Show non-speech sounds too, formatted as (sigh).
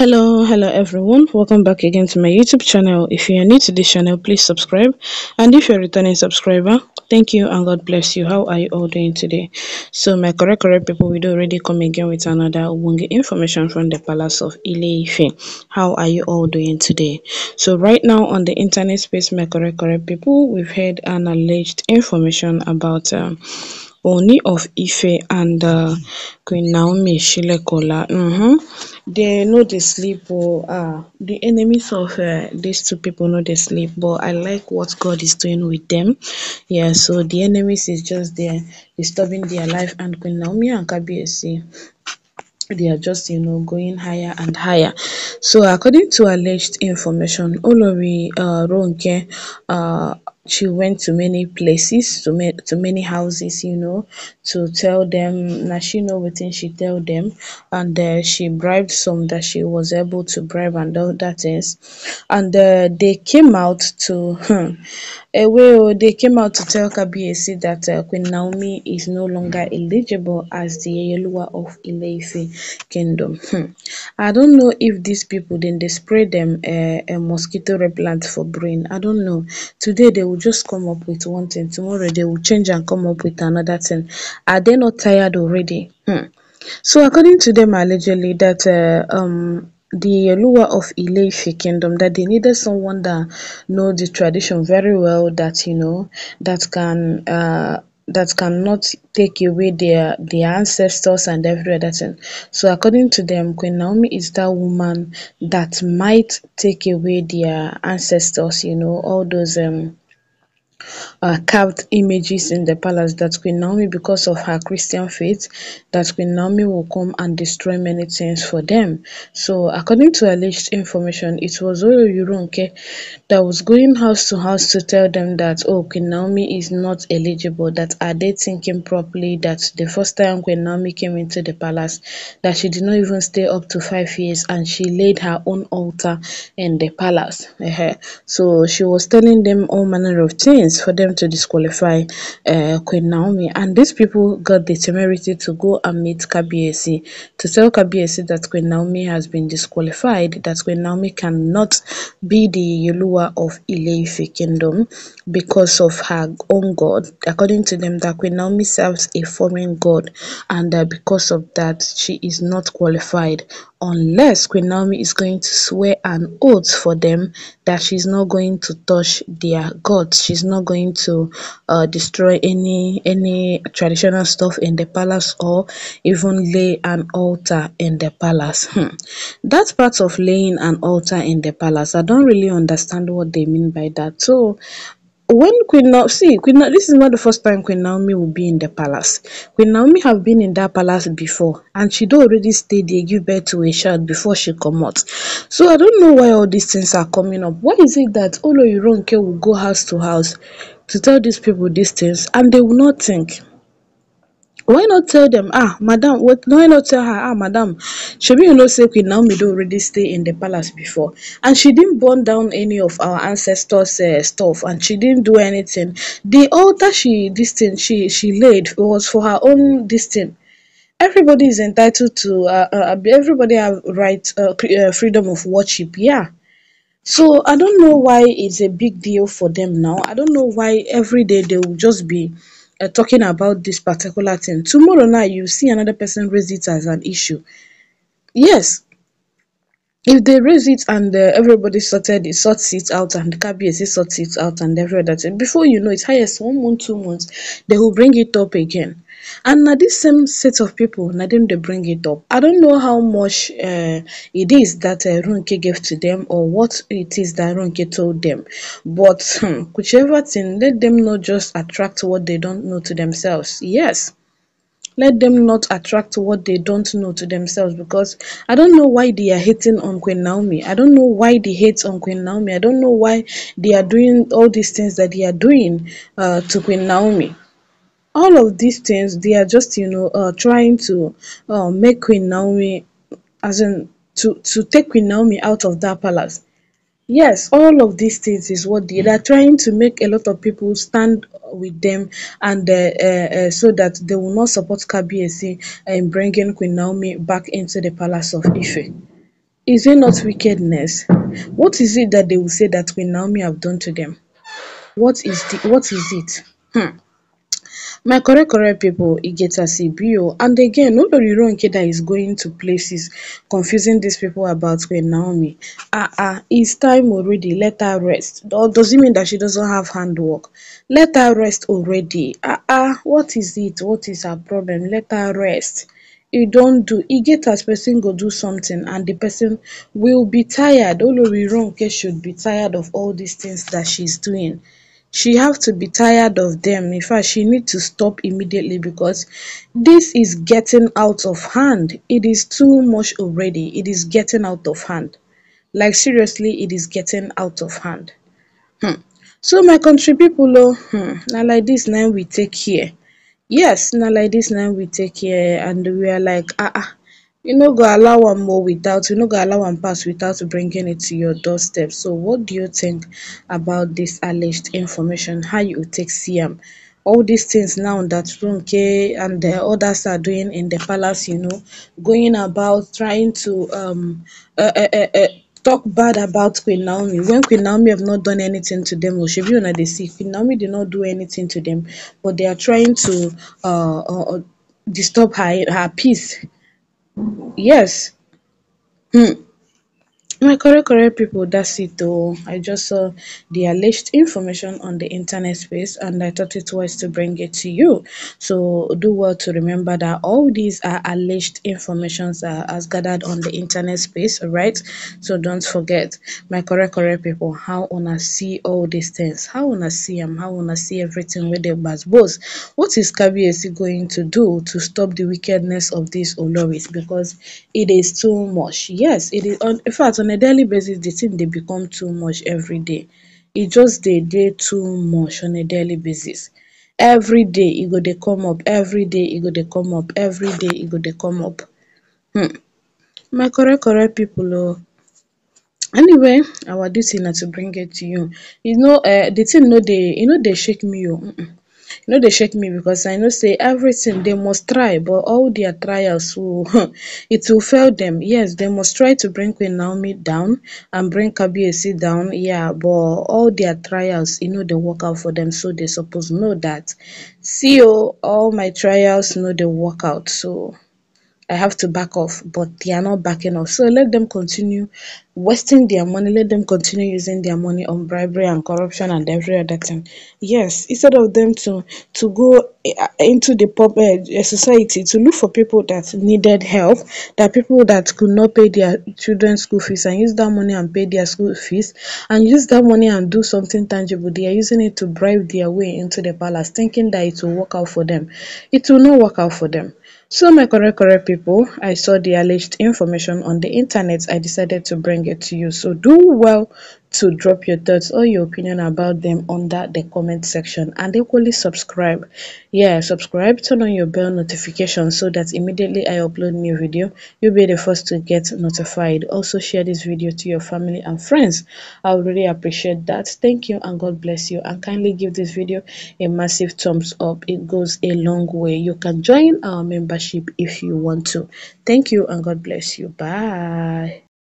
hello hello everyone welcome back again to my youtube channel if you are new to this channel please subscribe and if you're a returning subscriber thank you and god bless you how are you all doing today so my correct correct people we do already come again with another Wungi information from the palace of ile how are you all doing today so right now on the internet space my correct correct people we've heard an alleged information about um, only of Ife and uh, Queen Naomi Shilekola. Mm -hmm. They know dey sleep. Oh, ah, the enemies of uh, these two people know dey sleep. But I like what God is doing with them. Yeah, so the enemies is just there disturbing their life. And Queen Naomi and Kabiyesi they are just you know going higher and higher so according to alleged information olori uh, ronke uh, she went to many places to, ma- to many houses you know to tell them now she know within she tell them and uh, she bribed some that she was able to bribe and that things and uh, they came out to hmm, eh, they came out to tell kabiesi that uh, queen naomi is no longer eligible as the Yeluwa of ileife kingdom hmm. i don't know if these people then they spray them eh, a mosquito repellent for brain i don't know today they would just come up with one thing tomorrow they will change and come up with another thing are they not tired already hmm. so according to them allegedly that uh, um the lower of Ileife kingdom that they needed someone that know the tradition very well that you know that can uh that cannot take away their their ancestors and every other thing. So according to them, Queen Naomi is that woman that might take away their ancestors, you know, all those um uh, carved images in the palace that Queen Naomi, because of her Christian faith, that Queen Naomi will come and destroy many things for them. So, according to alleged information, it was Oyo Yurunke that was going house to house to tell them that, oh, Queen Naomi is not eligible, that are they thinking properly, that the first time Queen Naomi came into the palace, that she did not even stay up to five years and she laid her own altar in the palace. so, she was telling them all manner of things for them to disqualify uh, Queen Naomi. And these people got the temerity to go and meet KBSC to tell KBSC that Queen Naomi has been disqualified, that Queen Naomi cannot be the Yolua of Ileife Kingdom because of her own god. According to them, that Queen Naomi serves a foreign god, and uh, because of that, she is not qualified unless Queen Naomi is going to swear an oath for them that she's not going to touch their gods. She's not going to uh, destroy any any traditional stuff in the palace or even lay an altar in the palace. Hmm. That part of laying an altar in the palace, I don't really understand what they mean by that. So when Queen Naomi, see, Queen Na- this is not the first time Queen Naomi will be in the palace. Queen Naomi have been in that palace before, and she do already stay there, give birth to a child before she come out. So I don't know why all these things are coming up. Why is it that Oloironke will go house to house to tell these people these things, and they will not think? why not tell them? ah madam why not tell her ah madam Should you know say queen naomi do already stay in the palace before and she didn't burn down any of our ancestors uh, stuff and she didn't do anything the altar she this thing she she laid was for her own this thing everybody is entitled to uh, uh, everybody have right uh, uh, freedom of worship yeah so i don't know why it's a big deal for them now i don't know why every day they will just be uh, talking about this particular thing tomorrow night, you see another person raise it as an issue yes if they raise it and uh, everybody sorted it sorts it out and kbac sorts it out and every other thing before you know it highest one month two months they will bring it up again and now this same set of people now them they bring it up i don't know how much uh, it is that uh, runke gave to them or what it is that runke told them but hmm, whichever thing let them not just attract what they don't know to themselves yes let them not attract what they don't know to themselves because I don't know why they are hating on Queen Naomi. I don't know why they hate on Queen Naomi. I don't know why they are doing all these things that they are doing uh, to Queen Naomi. All of these things, they are just, you know, uh, trying to uh, make Queen Naomi, as in, to, to take Queen Naomi out of that palace. Yes, all of these things is what they, they are trying to make a lot of people stand with them and uh, uh, uh so that they will not support Kabiesi in bringing Queen Naomi back into the palace of Ife. Is it not wickedness? What is it that they will say that Queen Naomi have done to them? What is the, what is it? Hmm my correct correct people e get as e be o oh. and again wrong nkeda is going to places confusing these people about queen naomi ah ah it's time already let her rest or does it mean that she doesn't have handwork let her rest already ah ah what is it what is her problem let her rest don't do e get as person go do something and the person will be tired wrong ronke should be tired of all these things that she's doing she have to be tired of them. in fact she need to stop immediately because this is getting out of hand it is too much already it is getting out of hand like seriously it is getting out of hand hmm. so my country people oh hmm, now like this now we take here yes now like this now we take here and we are like ah, ah you no go allow am without you no go allow am pass without bringing it to your doorstep so what do you think about this alleged information how you take see am all these things now that Ronke and the others are doing in the palace you know going about trying to um uh, uh, uh, talk bad about Queen Naomi when Queen Naomi have not done anything to them. Oshebi oh, una dey see Queen Naomi did not do anything to them, but they are trying to uh, uh, uh disturb her her peace. Yes. Hmm. My correct correct people, that's it though. I just saw the alleged information on the internet space and I thought it was to bring it to you. So do well to remember that all these are alleged informations uh, as gathered on the internet space, alright? So don't forget, my correct correct people, how wanna see all these things, how wanna see them, how wanna see everything with the buzz? What is Kabiesi going to do to stop the wickedness of these Oloris? Because it is too much. Yes, it is on in fact on on a daily basis the thing dey become too much every day. e just dey dey too much on a daily basis Every day, e go dey come up Every day, e go dey come up Every day, e go dey come up um my correct correct people oh anyway our duty na to bring it to you You know, uh, the thing no dey e no dey shake me oh um e no dey shake me because i know say everything they must try but all their trials (laughs) it will fail them. yes they must try to bring queen naomi down and bring kabiyesi down Yeah, but all their trials you know, they work out for them, so they suppose know that. see oh, all my trials know they work out so. I have to back off, but they are not backing off. So let them continue wasting their money, let them continue using their money on bribery and corruption and every other thing. Yes, instead of them to to go eh, eh, into the pop, uh, eh, society to look for people that needed help, that people that could not pay their children's school fees and use that money and pay their school fees and use that money and do something tangible. They are using it to bribe their way into the palace, thinking that it will work out for them. It will not work out for them. So my correct correct people, I saw the alleged information on the internet. I decided to bring it to you. So do well to drop your thoughts or your opinion about them under the comment section and equally subscribe yeah subscribe turn on your bell notification so that immediately i upload new video you'll be the first to get notified also share this video to your family and friends i would really appreciate that thank you and god bless you and kindly give this video a massive thumbs up it goes a long way you can join our membership if you want to thank you and god bless you bye